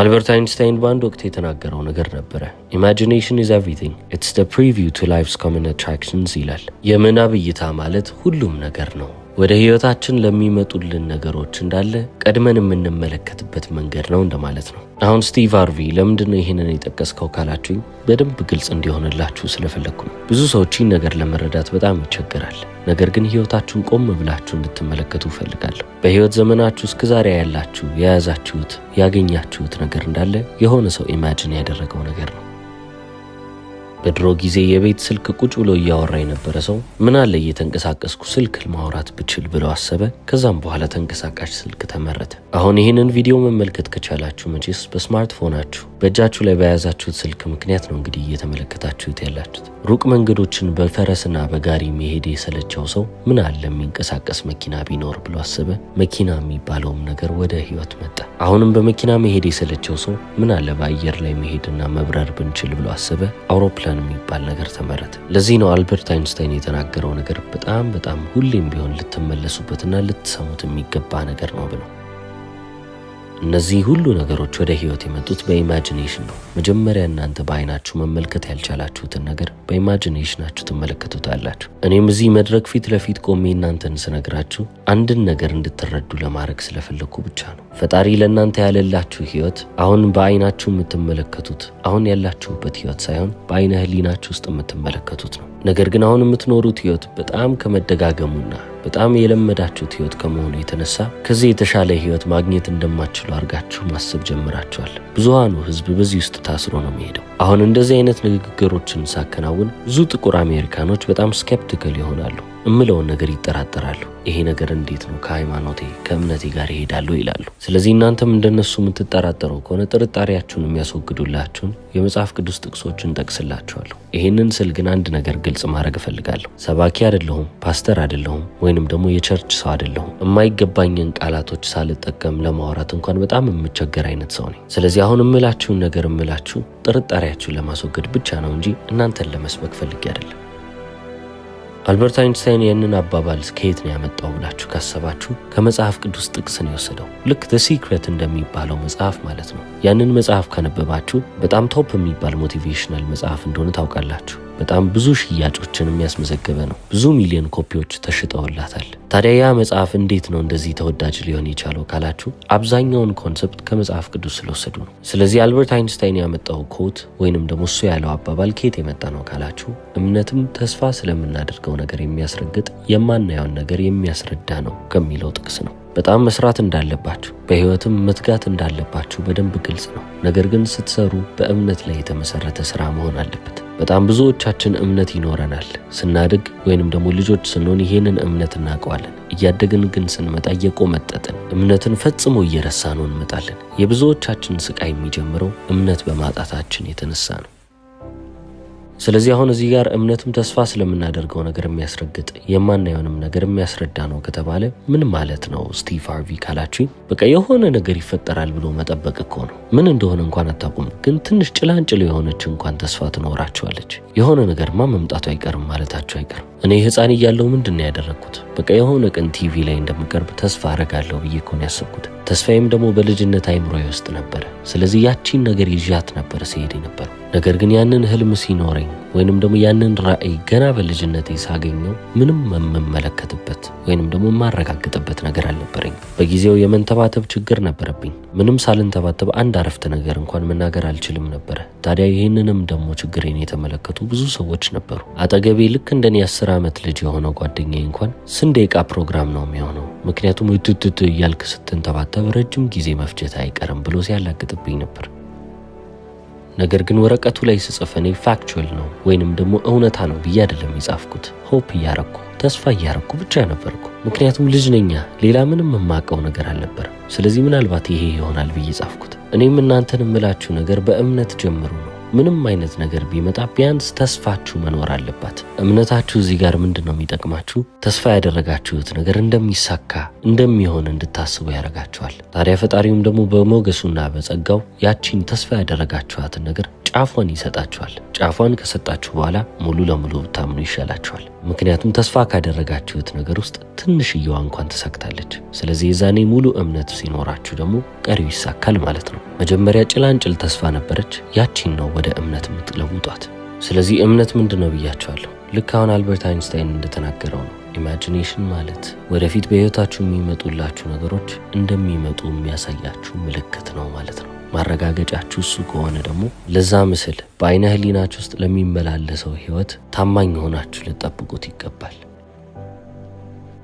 አልበርት አይንስታይን በአንድ ወቅት የተናገረው ነገር ነበረ። ኢማጂኔሽን ኢዝ ኤቭሪቲንግ ኢትስ ፕሪቪው ቱ ላይፍስ ኮመን አትራክሽንስ ይላል። የምናብ እይታ ማለት ሁሉም ነገር ነው። ወደ ህይወታችን ለሚመጡልን ነገሮች እንዳለ ቀድመን የምንመለከትበት መንገድ ነው እንደማለት ነው። አሁን ስቲቭ አርቪ ለምንድን ነው ይህንን የጠቀስከው ካላችሁኝ በደንብ ግልጽ እንዲሆንላችሁ ስለፈለግኩ ነው። ብዙ ሰዎች ይህን ነገር ለመረዳት በጣም ይቸገራል። ነገር ግን ህይወታችሁን ቆም ብላችሁ እንድትመለከቱ እፈልጋለሁ። በህይወት ዘመናችሁ እስከ ዛሬ ያላችሁ የያዛችሁት ያገኛችሁት ነገር እንዳለ የሆነ ሰው ኢማጅን ያደረገው ነገር ነው። በድሮ ጊዜ የቤት ስልክ ቁጭ ብሎ እያወራ የነበረ ሰው ምን አለ እየተንቀሳቀስኩ ስልክ ማውራት ብችል ብሎ አሰበ። ከዛም በኋላ ተንቀሳቃሽ ስልክ ተመረተ። አሁን ይህንን ቪዲዮ መመልከት ከቻላችሁ መቼስ በስማርትፎናችሁ በእጃችሁ ላይ በያዛችሁት ስልክ ምክንያት ነው እንግዲህ እየተመለከታችሁት ያላችሁት። ሩቅ መንገዶችን በፈረስና በጋሪ መሄድ የሰለቸው ሰው ምን አለ የሚንቀሳቀስ መኪና ቢኖር ብሎ አሰበ። መኪና የሚባለውም ነገር ወደ ህይወት መጣ። አሁንም በመኪና መሄድ የሰለቸው ሰው ምን አለ በአየር ላይ መሄድና መብረር ብንችል ብሎ አሰበ። አውሮፕላን ሪፍሌክሽን የሚባል ነገር ተመረተ። ለዚህ ነው አልበርት አይንስታይን የተናገረው ነገር በጣም በጣም ሁሌም ቢሆን ልትመለሱበትና ልትሰሙት የሚገባ ነገር ነው ብለው እነዚህ ሁሉ ነገሮች ወደ ህይወት የመጡት በኢማጂኔሽን ነው። መጀመሪያ እናንተ በአይናችሁ መመልከት ያልቻላችሁትን ነገር በኢማጂኔሽናችሁ ትመለከቱታላችሁ። እኔም እዚህ መድረክ ፊት ለፊት ቆሜ እናንተን ስነግራችሁ አንድን ነገር እንድትረዱ ለማድረግ ስለፈለግኩ ብቻ ነው። ፈጣሪ ለእናንተ ያለላችሁ ህይወት አሁን በአይናችሁ የምትመለከቱት አሁን ያላችሁበት ህይወት ሳይሆን በአይነ ህሊናችሁ ውስጥ የምትመለከቱት ነው። ነገር ግን አሁን የምትኖሩት ህይወት በጣም ከመደጋገሙና በጣም የለመዳችሁት ህይወት ከመሆኑ የተነሳ ከዚህ የተሻለ ህይወት ማግኘት እንደማትችሉ አድርጋችሁ ማሰብ ጀምራችኋል። ብዙሃኑ ህዝብ በዚህ ውስጥ ታስሮ ነው የሚሄደው። አሁን እንደዚህ አይነት ንግግሮችን ሳከናውን ብዙ ጥቁር አሜሪካኖች በጣም ስኬፕቲካል ይሆናሉ። እምለውን ነገር ይጠራጠራሉ። ይሄ ነገር እንዴት ነው ከሃይማኖቴ ከእምነቴ ጋር ይሄዳሉ ይላሉ። ስለዚህ እናንተም እንደነሱ የምትጠራጠረው ከሆነ ጥርጣሬያችሁን የሚያስወግዱላችሁን የመጽሐፍ ቅዱስ ጥቅሶችን ጠቅስላችኋለሁ። ይህንን ስል ግን አንድ ነገር ግልጽ ማድረግ እፈልጋለሁ። ሰባኪ አይደለሁም፣ ፓስተር አይደለሁም፣ ወይንም ደግሞ የቸርች ሰው አይደለሁም። የማይገባኝን ቃላቶች ሳልጠቀም ለማውራት እንኳን በጣም የምቸገር አይነት ሰው ነኝ። ስለዚህ አሁን እምላችሁን ነገር እምላችሁ ጥርጣሬያችሁን ለማስወገድ ብቻ ነው እንጂ እናንተን ለመስበክ ፈልጌ አይደለም። አልበርት አይንስታይን ይህንን አባባል ከየት ነው ያመጣው ብላችሁ ካሰባችሁ ከመጽሐፍ ቅዱስ ጥቅስ ነው የወሰደው። ልክ ዘ ሲክሬት እንደሚባለው መጽሐፍ ማለት ነው። ያንን መጽሐፍ ከነበባችሁ በጣም ቶፕ የሚባል ሞቲቬሽናል መጽሐፍ እንደሆነ ታውቃላችሁ። በጣም ብዙ ሽያጮችን የሚያስመዘገበ ነው። ብዙ ሚሊዮን ኮፒዎች ተሽጠውላታል። ታዲያ ያ መጽሐፍ እንዴት ነው እንደዚህ ተወዳጅ ሊሆን የቻለው ካላችሁ አብዛኛውን ኮንሰፕት ከመጽሐፍ ቅዱስ ስለወሰዱ ነው። ስለዚህ አልበርት አይንስታይን ያመጣው ኮት ወይንም ደግሞ እሱ ያለው አባባል ከየት የመጣ ነው ካላችሁ እምነትም ተስፋ ስለምናደርገው ነገር የሚያስረግጥ የማናየውን ነገር የሚያስረዳ ነው ከሚለው ጥቅስ ነው። በጣም መስራት እንዳለባችሁ በህይወትም መትጋት እንዳለባችሁ በደንብ ግልጽ ነው። ነገር ግን ስትሰሩ በእምነት ላይ የተመሰረተ ስራ መሆን አለበት። በጣም ብዙዎቻችን እምነት ይኖረናል። ስናድግ ወይንም ደግሞ ልጆች ስንሆን ይሄንን እምነት እናውቀዋለን። እያደግን ግን ስንመጣ እየቆመጠጥን እምነትን ፈጽሞ እየረሳ ነው እንመጣለን። የብዙዎቻችን ስቃይ የሚጀምረው እምነት በማጣታችን የተነሳ ነው። ስለዚህ አሁን እዚህ ጋር እምነትም ተስፋ ስለምናደርገው ነገር የሚያስረግጥ የማናየውንም ነገር የሚያስረዳ ነው ከተባለ ምን ማለት ነው? ስቲቭ ሃርቪ ካላችሁ በቃ የሆነ ነገር ይፈጠራል ብሎ መጠበቅ እኮ ነው። ምን እንደሆነ እንኳን አታውቁም፣ ግን ትንሽ ጭላንጭል የሆነች እንኳን ተስፋ ትኖራችኋለች። የሆነ ነገርማ መምጣቱ አይቀርም ማለታቸው አይቀርም። እኔ ህፃን እያለው ምንድን ነው ያደረግኩት? በቃ የሆነ ቀን ቲቪ ላይ እንደምቀርብ ተስፋ አረጋለሁ ብዬ እኮ ነው ያሰብኩት። ተስፋዬም ደግሞ በልጅነት አይምሮ ውስጥ ነበረ። ስለዚህ ያቺን ነገር ይዣት ነበረ ሲሄድ ነበረው። ነገር ግን ያንን ህልም ሲኖረኝ ወይንም ደግሞ ያንን ራዕይ ገና በልጅነቴ ሳገኘው ምንም የምመለከትበት ወይንም ደግሞ የማረጋግጥበት ነገር አልነበረኝ። በጊዜው የመንተባተብ ችግር ነበረብኝ። ምንም ሳልንተባተብ አንድ አረፍተ ነገር እንኳን መናገር አልችልም ነበረ። ታዲያ ይህንንም ደግሞ ችግሬን የተመለከቱ ብዙ ሰዎች ነበሩ። አጠገቤ ልክ እንደኔ አስር ዓመት ልጅ የሆነው ጓደኛ እንኳን ስንዴ እቃ ፕሮግራም ነው የሚሆነው ምክንያቱም ትትት እያልክ ስትንተባተብ ረጅም ጊዜ መፍጀት አይቀርም ብሎ ሲያላግጥብኝ ነበር። ነገር ግን ወረቀቱ ላይ ስጽፍ እኔ ፋክቹዋል ነው ወይንም ደግሞ እውነታ ነው ብዬ አይደለም የጻፍኩት። ሆፕ እያረኩ ተስፋ እያረኩ ብቻ ነበርኩ። ምክንያቱም ልጅ ነኛ፣ ሌላ ምንም የማውቀው ነገር አልነበረም። ስለዚህ ምናልባት ይሄ ይሆናል ብዬ ጻፍኩት። እኔም እናንተን እምላችሁ ነገር በእምነት ጀምሩ ነው። ምንም አይነት ነገር ቢመጣ ቢያንስ ተስፋችሁ መኖር አለባት። እምነታችሁ እዚህ ጋር ምንድን ነው የሚጠቅማችሁ? ተስፋ ያደረጋችሁት ነገር እንደሚሳካ እንደሚሆን እንድታስቡ ያደርጋችኋል። ታዲያ ፈጣሪውም ደግሞ በሞገሱና በጸጋው ያቺን ተስፋ ያደረጋችኋትን ነገር ጫፏን ይሰጣችኋል። ጫፏን ከሰጣችሁ በኋላ ሙሉ ለሙሉ ብታምኑ ይሻላችኋል። ምክንያቱም ተስፋ ካደረጋችሁት ነገር ውስጥ ትንሽየዋ እንኳን ተሳክታለች። ስለዚህ የዛኔ ሙሉ እምነት ሲኖራችሁ ደግሞ ቀሪው ይሳካል ማለት ነው። መጀመሪያ ጭላንጭል ተስፋ ነበረች፣ ያቺን ነው ወደ እምነት የምትለውጧት። ስለዚህ እምነት ምንድን ነው ብያቸዋለሁ። ልክ አሁን አልበርት አይንስታይን እንደተናገረው ነው ኢማጂኔሽን ማለት ወደፊት በሕይወታችሁ የሚመጡላችሁ ነገሮች እንደሚመጡ የሚያሳያችሁ ምልክት ነው ማለት ነው። ማረጋገጫችሁ እሱ ከሆነ ደግሞ ለዛ ምስል በአይነ ህሊናችሁ ውስጥ ለሚመላለሰው ህይወት ታማኝ ሆናችሁ ልጠብቁት ይገባል።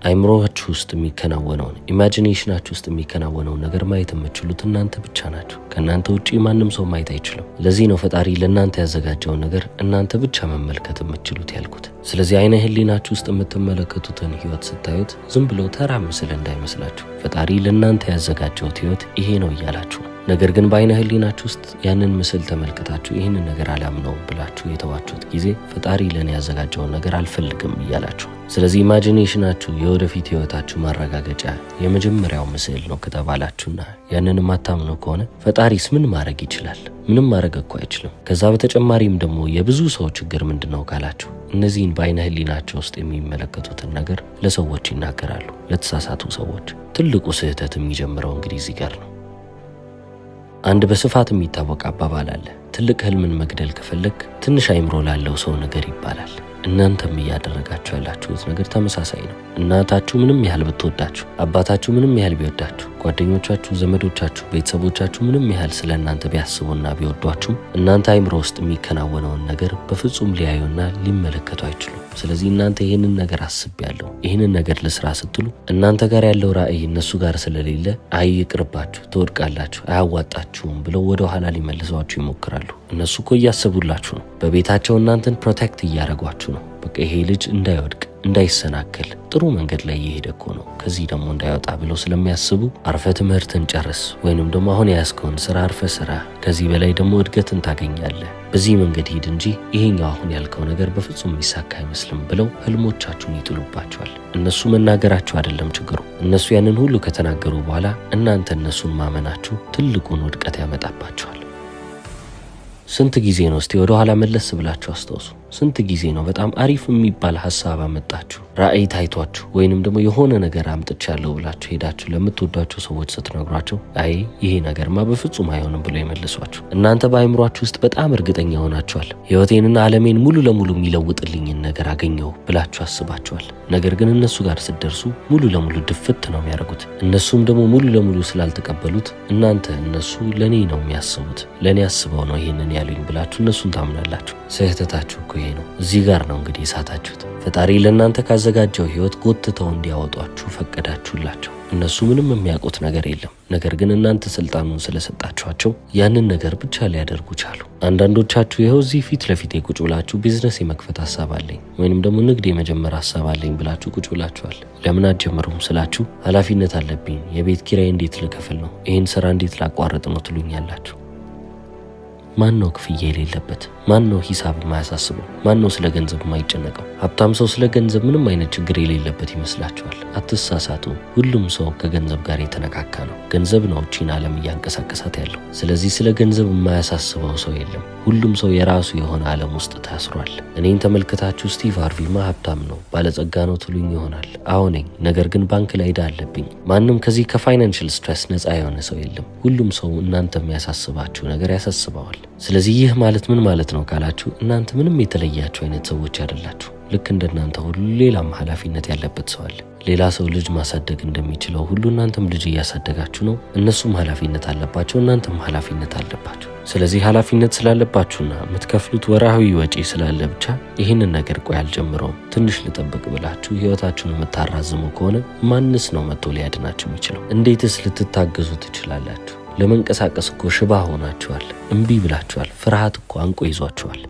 አይምሮችሁ ውስጥ የሚከናወነውን ኢማጂኔሽናችሁ ውስጥ የሚከናወነውን ነገር ማየት የምችሉት እናንተ ብቻ ናችሁ። ከእናንተ ውጪ ማንም ሰው ማየት አይችልም። ለዚህ ነው ፈጣሪ ለእናንተ ያዘጋጀውን ነገር እናንተ ብቻ መመልከት የምችሉት ያልኩት። ስለዚህ አይነ ህሊናችሁ ውስጥ የምትመለከቱትን ህይወት ስታዩት ዝም ብሎ ተራ ምስል እንዳይመስላችሁ ፈጣሪ ለእናንተ ያዘጋጀውት ህይወት ይሄ ነው እያላችሁ ነገር ግን በአይነ ህሊናችሁ ውስጥ ያንን ምስል ተመልክታችሁ ይህንን ነገር አላምነውም ብላችሁ የተዋችሁት ጊዜ ፈጣሪ ለን ያዘጋጀውን ነገር አልፈልግም እያላችሁ። ስለዚህ ኢማጂኔሽናችሁ የወደፊት ህይወታችሁ ማረጋገጫ የመጀመሪያው ምስል ነው ከተባላችሁና ያንን የማታምኑ ከሆነ ፈጣሪስ ምን ማድረግ ይችላል? ምንም ማድረግ እኮ አይችልም። ከዛ በተጨማሪም ደግሞ የብዙ ሰው ችግር ምንድን ነው ካላችሁ እነዚህን በአይነ ህሊናቸው ውስጥ የሚመለከቱትን ነገር ለሰዎች ይናገራሉ፣ ለተሳሳቱ ሰዎች። ትልቁ ስህተት የሚጀምረው እንግዲህ እዚህ ጋር ነው። አንድ በስፋት የሚታወቅ አባባል አለ። ትልቅ ህልምን መግደል ከፈለግ ትንሽ አይምሮ ላለው ሰው ነገር ይባላል። እናንተም እያደረጋችሁ ያላችሁት ነገር ተመሳሳይ ነው። እናታችሁ ምንም ያህል ብትወዳችሁ፣ አባታችሁ ምንም ያህል ቢወዳችሁ፣ ጓደኞቻችሁ፣ ዘመዶቻችሁ፣ ቤተሰቦቻችሁ ምንም ያህል ስለ እናንተ ቢያስቡና ቢወዷችሁም እናንተ አይምሮ ውስጥ የሚከናወነውን ነገር በፍጹም ሊያዩና ሊመለከቱ አይችሉም። ስለዚህ እናንተ ይህንን ነገር ያለው ይህንን ነገር ልስራ ስትሉ እናንተ ጋር ያለው ራዕይ እነሱ ጋር ስለሌለ አይቅርባችሁ፣ ትወድቃላችሁ፣ አያዋጣችሁም ብለው ወደ ኋላ ሊመልሰዋችሁ ይሞክራሉ። እነሱ እኮ እያሰቡላችሁ ነው። በቤታቸው እናንተን ፕሮቴክት እያደረጓችሁ ነው። በቃ ይሄ ልጅ እንዳይወድቅ እንዳይሰናከል ጥሩ መንገድ ላይ እየሄደ እኮ ነው፣ ከዚህ ደግሞ እንዳይወጣ ብለው ስለሚያስቡ አርፈ ትምህርትን ጨርስ፣ ወይንም ደግሞ አሁን የያዝከውን ስራ አርፈ ስራ፣ ከዚህ በላይ ደግሞ እድገትን ታገኛለህ፣ በዚህ መንገድ ሂድ እንጂ ይሄኛው አሁን ያልከው ነገር በፍጹም የሚሳካ አይመስልም ብለው ህልሞቻችሁን ይጥሉባቸዋል። እነሱ መናገራችሁ አይደለም ችግሩ። እነሱ ያንን ሁሉ ከተናገሩ በኋላ እናንተ እነሱን ማመናችሁ ትልቁን ውድቀት ያመጣባቸዋል። ስንት ጊዜ ነው? እስቲ ወደ ኋላ መለስ ብላችሁ አስታውሱ። ስንት ጊዜ ነው በጣም አሪፍ የሚባል ሀሳብ አመጣችሁ ራዕይ ታይቷችሁ ወይንም ደግሞ የሆነ ነገር አምጥቻለሁ ብላችሁ ሄዳችሁ ለምትወዷቸው ሰዎች ስትነግሯቸው አይ ይሄ ነገርማ በፍጹም አይሆንም ብሎ የመልሷችሁ እናንተ በአይምሯችሁ ውስጥ በጣም እርግጠኛ ሆናችኋል። ህይወቴንና አለሜን ሙሉ ለሙሉ የሚለውጥልኝን ነገር አገኘው ብላችሁ አስባችኋል። ነገር ግን እነሱ ጋር ስትደርሱ ሙሉ ለሙሉ ድፍት ነው የሚያደርጉት። እነሱም ደግሞ ሙሉ ለሙሉ ስላልተቀበሉት እናንተ እነሱ ለእኔ ነው የሚያስቡት ለእኔ አስበው ነው ይህንን ያሉኝ ብላችሁ እነሱን ታምናላችሁ። ስህተታችሁ እኮ ይሄ ነው። እዚህ ጋር ነው እንግዲህ የሳታችሁት። ፈጣሪ ለእናንተ ካዘጋጀው ህይወት ጎትተው እንዲያወጧችሁ ፈቀዳችሁላቸው። እነሱ ምንም የሚያውቁት ነገር የለም። ነገር ግን እናንተ ስልጣኑን ስለሰጣችኋቸው ያንን ነገር ብቻ ሊያደርጉ ቻሉ። አንዳንዶቻችሁ ይኸው እዚህ ፊት ለፊት ቁጭ ብላችሁ ቢዝነስ የመክፈት ሀሳብ አለኝ ወይንም ደግሞ ንግድ የመጀመር ሀሳብ አለኝ ብላችሁ ቁጭ ብላችኋል። ለምን አትጀምሩም ስላችሁ ኃላፊነት አለብኝ፣ የቤት ኪራይ እንዴት ልከፍል ነው፣ ይህን ስራ እንዴት ላቋረጥ ነው ትሉኛላችሁ። ማን ነው ክፍያ የሌለበት? ማን ነው ሂሳብ የማያሳስበው? ማን ነው ስለ ገንዘብ የማይጨነቀው? ሀብታም ሰው ስለ ገንዘብ ምንም አይነት ችግር የሌለበት ይመስላችኋል? አትሳሳቱ። ሁሉም ሰው ከገንዘብ ጋር የተነካካ ነው። ገንዘብ ነው ቺን ዓለም እያንቀሳቀሳት ያለው። ስለዚህ ስለ ገንዘብ የማያሳስበው ሰው የለም። ሁሉም ሰው የራሱ የሆነ ዓለም ውስጥ ታስሯል። እኔን ተመልክታችሁ ስቲቭ ሃርቪማ ሀብታም ነው ባለጸጋ ነው ትሉኝ ይሆናል። አዎ ነኝ። ነገር ግን ባንክ ላይ ዕዳ አለብኝ። ማንም ከዚህ ከፋይናንሽል ስትረስ ነፃ የሆነ ሰው የለም። ሁሉም ሰው እናንተ የሚያሳስባችሁ ነገር ያሳስበዋል። ስለዚህ ይህ ማለት ምን ማለት ነው ካላችሁ እናንተ ምንም የተለያችሁ አይነት ሰዎች አይደላችሁ። ልክ እንደናንተ ሁሉ ሌላም ኃላፊነት ያለበት ሰው አለ። ሌላ ሰው ልጅ ማሳደግ እንደሚችለው ሁሉ እናንተም ልጅ እያሳደጋችሁ ነው። እነሱም ኃላፊነት አለባቸው፣ እናንተም ኃላፊነት አለባቸው። ስለዚህ ኃላፊነት ስላለባችሁና የምትከፍሉት ወርሃዊ ወጪ ስላለ ብቻ ይህንን ነገር ቆይ አልጀምረውም ትንሽ ልጠብቅ ብላችሁ ህይወታችሁን የምታራዝሙ ከሆነ ማንስ ነው መጥቶ ሊያድናችሁ የሚችለው? እንዴትስ ልትታገዙ ትችላላችሁ? ለመንቀሳቀስ እኮ ሽባ ሆናችኋል። እምቢ ብላችኋል። ፍርሃት እኮ አንቆ ይዟችኋል።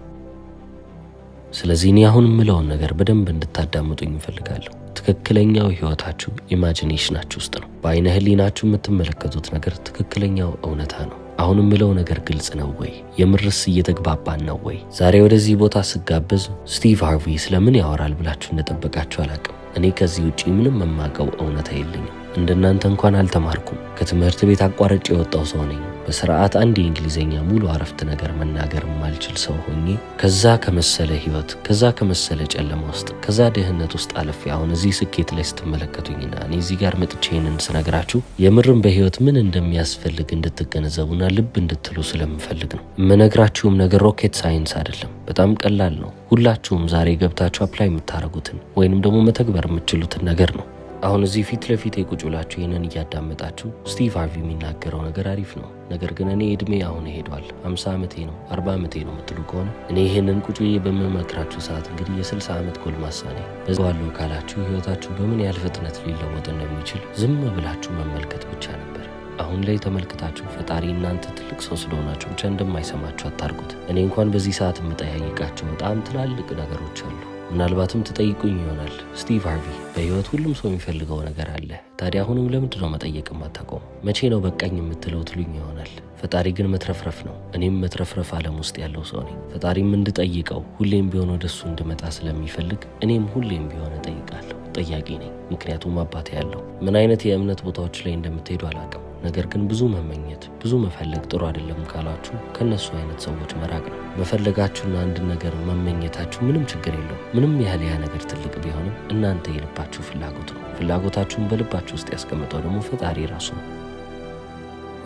ስለዚህ እኔ አሁን የምለውን ነገር በደንብ እንድታዳምጡኝ እፈልጋለሁ። ትክክለኛው ህይወታችሁ ኢማጂኔሽናችሁ ውስጥ ነው። በአይነ ህሊናችሁ የምትመለከቱት ነገር ትክክለኛው እውነታ ነው። አሁን የምለው ነገር ግልጽ ነው ወይ? የምርስ እየተግባባን ነው ወይ? ዛሬ ወደዚህ ቦታ ስጋበዝ ስቲቭ ሃርቪ ስለምን ያወራል ብላችሁ እንደጠበቃችሁ አላቅም። እኔ ከዚህ ውጪ ምንም የማውቀው እውነታ የለኝም። እንደናንተ እንኳን አልተማርኩም። ከትምህርት ቤት አቋረጭ የወጣው ሰው ነኝ። በስርዓት አንድ የእንግሊዝኛ ሙሉ አረፍት ነገር መናገር የማልችል ሰው ሆኜ ከዛ ከመሰለ ህይወት፣ ከዛ ከመሰለ ጨለማ ውስጥ፣ ከዛ ድህነት ውስጥ አልፌ አሁን እዚህ ስኬት ላይ ስትመለከቱኝና እኔ እዚህ ጋር መጥቼንን ስነግራችሁ የምርም በህይወት ምን እንደሚያስፈልግ እንድትገነዘቡና ልብ እንድትሉ ስለምፈልግ ነው። የምነግራችሁም ነገር ሮኬት ሳይንስ አይደለም። በጣም ቀላል ነው። ሁላችሁም ዛሬ ገብታችሁ አፕላይ የምታደርጉትን ወይንም ደግሞ መተግበር የምትችሉትን ነገር ነው። አሁን እዚህ ፊት ለፊት ቁጭ ብላችሁ ይህንን እያዳመጣችሁ ስቲቭ ሃርቪ የሚናገረው ነገር አሪፍ ነው፣ ነገር ግን እኔ እድሜ አሁን ሄዷል፣ 50 ዓመቴ ነው፣ አርባ ዓመቴ ነው የምትሉ ከሆነ እኔ ይህንን ቁጭ በምመክራችሁ ሰዓት እንግዲህ የ60 ዓመት ጎልማሳ ነኝ። በዋለው ካላችሁ ህይወታችሁ በምን ያህል ፍጥነት ሊለወጥ እንደሚችል ዝም ብላችሁ መመልከት ብቻ ነበር። አሁን ላይ ተመልክታችሁ ፈጣሪ እናንተ ትልቅ ሰው ስለሆናችሁ ብቻ እንደማይሰማችሁ አታርጉት። እኔ እንኳን በዚህ ሰዓት የምጠያይቃችሁ በጣም ትላልቅ ነገሮች አሉ። ምናልባትም ትጠይቁኝ ይሆናል ስቲቭ ሃርቪ በህይወት ሁሉም ሰው የሚፈልገው ነገር አለ። ታዲያ አሁንም ለምንድን ነው መጠየቅ የማታቆሙ? መቼ ነው በቃኝ የምትለው ትሉኝ ይሆናል። ፈጣሪ ግን መትረፍረፍ ነው። እኔም መትረፍረፍ ዓለም ውስጥ ያለው ሰው ነኝ። ፈጣሪም እንድጠይቀው ሁሌም ቢሆን ወደሱ እንድመጣ ስለሚፈልግ እኔም ሁሌም ቢሆን እጠይቃለሁ። ጠያቂ ነኝ። ምክንያቱም አባቴ ያለው ምን አይነት የእምነት ቦታዎች ላይ እንደምትሄዱ አላቅም ነገር ግን ብዙ መመኘት፣ ብዙ መፈለግ ጥሩ አይደለም ካላችሁ ከእነሱ አይነት ሰዎች መራቅ ነው። መፈለጋችሁና አንድ ነገር መመኘታችሁ ምንም ችግር የለውም። ምንም ያህል ያ ነገር ትልቅ ቢሆንም እናንተ የልባችሁ ፍላጎት ነው። ፍላጎታችሁን በልባችሁ ውስጥ ያስቀምጠው ደግሞ ፈጣሪ ራሱ ነው።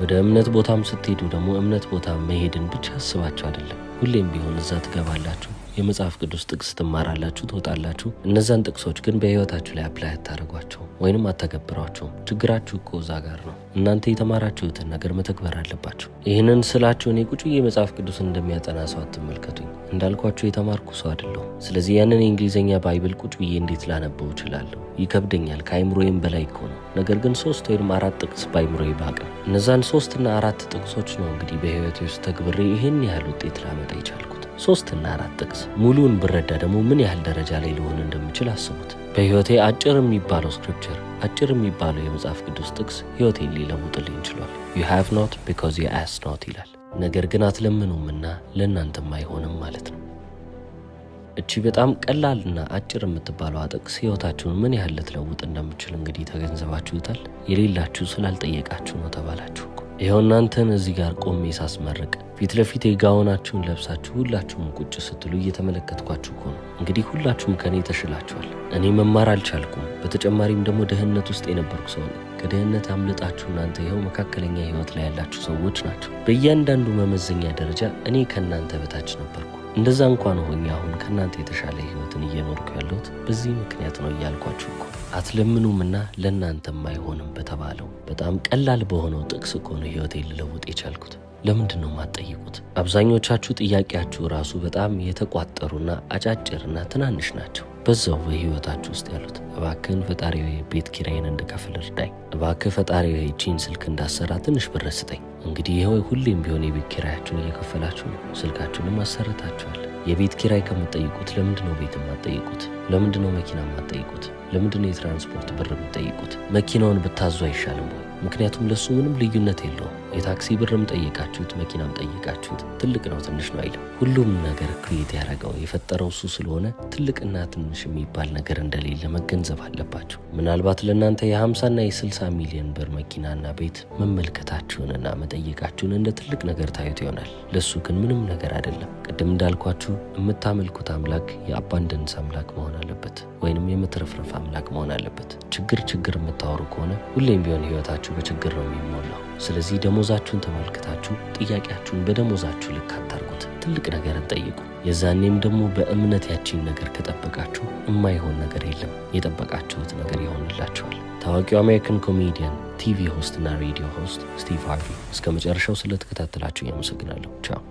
ወደ እምነት ቦታም ስትሄዱ ደግሞ እምነት ቦታ መሄድን ብቻ አስባችሁ አይደለም። ሁሌም ቢሆን እዛ ትገባላችሁ የመጽሐፍ ቅዱስ ጥቅስ ትማራላችሁ፣ ትወጣላችሁ። እነዛን ጥቅሶች ግን በህይወታችሁ ላይ አፕላይ አታደርጓቸው ወይንም አተገብሯቸውም። ችግራችሁ እኮ እዛ ጋር ነው። እናንተ የተማራችሁትን ነገር መተግበር አለባችሁ። ይህንን ስላችሁ እኔ ቁጭ የመጽሐፍ ቅዱስን እንደሚያጠና ሰው አትመልከቱኝ። እንዳልኳችሁ የተማርኩ ሰው አይደለሁ። ስለዚህ ያንን የእንግሊዝኛ ባይብል ቁጭ ብዬ እንዴት ላነበው እችላለሁ? ይከብደኛል። ከአይምሮዬም በላይ እኮ ነው። ነገር ግን ሶስት ወይም አራት ጥቅስ በአይምሮ ይባቅ። እነዛን ሶስትና አራት ጥቅሶች ነው እንግዲህ በህይወቴ ውስጥ ተግብሬ ይህን ያህል ውጤት ላመጣ ይቻላል። እና አራት ጥቅስ ሙሉውን ብረዳ ደግሞ ምን ያህል ደረጃ ላይ ሊሆን እንደምችል አስቡት። በሕይወቴ አጭር የሚባለው ስክሪፕቸር አጭር የሚባለው የመጽሐፍ ቅዱስ ጥቅስ ሕይወቴን ሊለውጥልኝ ችሏል ዩ ሃቭ ኖት ቢኮዝ ዩ አስክ ኖት ይላል። ነገር ግን አትለምኑምና ለእናንተም አይሆንም ማለት ነው። እቺ በጣም ቀላልና አጭር የምትባለው ጥቅስ ሕይወታችሁን ምን ያህል ልትለውጥ እንደምችል እንግዲህ ተገንዘባችሁታል። የሌላችሁ ስላልጠየቃችሁ ነው ተባላችሁ። ይኸው እናንተን እዚህ ጋር ቆሜ ሳስመርቅ ፊት ለፊት ጋውናችሁን ለብሳችሁ ሁላችሁም ቁጭ ስትሉ እየተመለከትኳችሁ እኮ ነው። እንግዲህ ሁላችሁም ከእኔ ተሽላችኋል። እኔ መማር አልቻልኩም። በተጨማሪም ደግሞ ደህንነት ውስጥ የነበርኩ ሰው ነው። ከደህንነት አምልጣችሁ እናንተ ይኸው መካከለኛ ሕይወት ላይ ያላችሁ ሰዎች ናቸው። በእያንዳንዱ መመዘኛ ደረጃ እኔ ከእናንተ በታች ነበርኩ። እንደዛ እንኳን ሆኜ አሁን ከእናንተ የተሻለ ሕይወትን እየኖርኩ ያለሁት በዚህ ምክንያት ነው እያልኳችሁ እኮ አትለምኑምና ለእናንተም አይሆንም በተባለው በጣም ቀላል በሆነው ጥቅስ እኮ ነው ሕይወቴን ልለውጥ የቻልኩት። ለምንድን ነው የማትጠይቁት? አብዛኞቻችሁ ጥያቄያችሁ ራሱ በጣም የተቋጠሩና አጫጭርና ትናንሽ ናቸው። በዛው በህይወታችሁ ውስጥ ያሉት እባክህን ፈጣሪ ቤት ኪራይን እንድከፍል እርዳኝ፣ እባክህ ፈጣሪ ቺን ስልክ እንዳሰራ ትንሽ ብር ስጠኝ። እንግዲህ ይኸው ሁሌም ቢሆን የቤት ኪራያችሁን እየከፈላችሁ ነው፣ ስልካችሁንም አሰርታችኋል። የቤት ኪራይ ከምትጠይቁት ለምንድ ነው ቤት የማትጠይቁት? ለምንድ ነው መኪና የማትጠይቁት? ለምንድ ነው የትራንስፖርት ብር የምትጠይቁት? መኪናውን ብታዙ አይሻልም ወይ? ምክንያቱም ለሱ ምንም ልዩነት የለውም። የታክሲ ብርም ጠይቃችሁት፣ መኪናም ጠይቃችሁት ትልቅ ነው ትንሽ ነው አይልም። ሁሉም ነገር ክሬት ያደረገው የፈጠረው እሱ ስለሆነ ትልቅና ትንሽ የሚባል ነገር እንደሌለ መገንዘብ አለባቸው። ምናልባት ለእናንተ የ50ና የ60 ሚሊዮን ብር መኪናና ቤት መመልከታችሁንና መጠየቃችሁን እንደ ትልቅ ነገር ታዩት ይሆናል። ለእሱ ግን ምንም ነገር አይደለም። ቅድም እንዳልኳችሁ የምታመልኩት አምላክ የአባንደንስ አምላክ መሆን አለበት፣ ወይንም የምትረፍረፍ አምላክ መሆን አለበት። ችግር ችግር የምታወሩ ከሆነ ሁሌም ቢሆን ህይወታችሁ ህይወታችሁ በችግር ነው የሚሞላው። ስለዚህ ደሞዛችሁን ተመልክታችሁ ጥያቄያችሁን በደሞዛችሁ ልክ አታርጉት። ትልቅ ነገር ጠይቁ። የዛኔም ደግሞ በእምነት ያቺን ነገር ከጠበቃችሁ የማይሆን ነገር የለም። የጠበቃችሁት ነገር ይሆንላችኋል። ታዋቂው አሜሪካን ኮሜዲያን ቲቪ ሆስትና ሬዲዮ ሆስት ስቲቭ ሃርቪ፣ እስከ መጨረሻው ስለተከታተላችሁ ያመሰግናለሁ። ቻው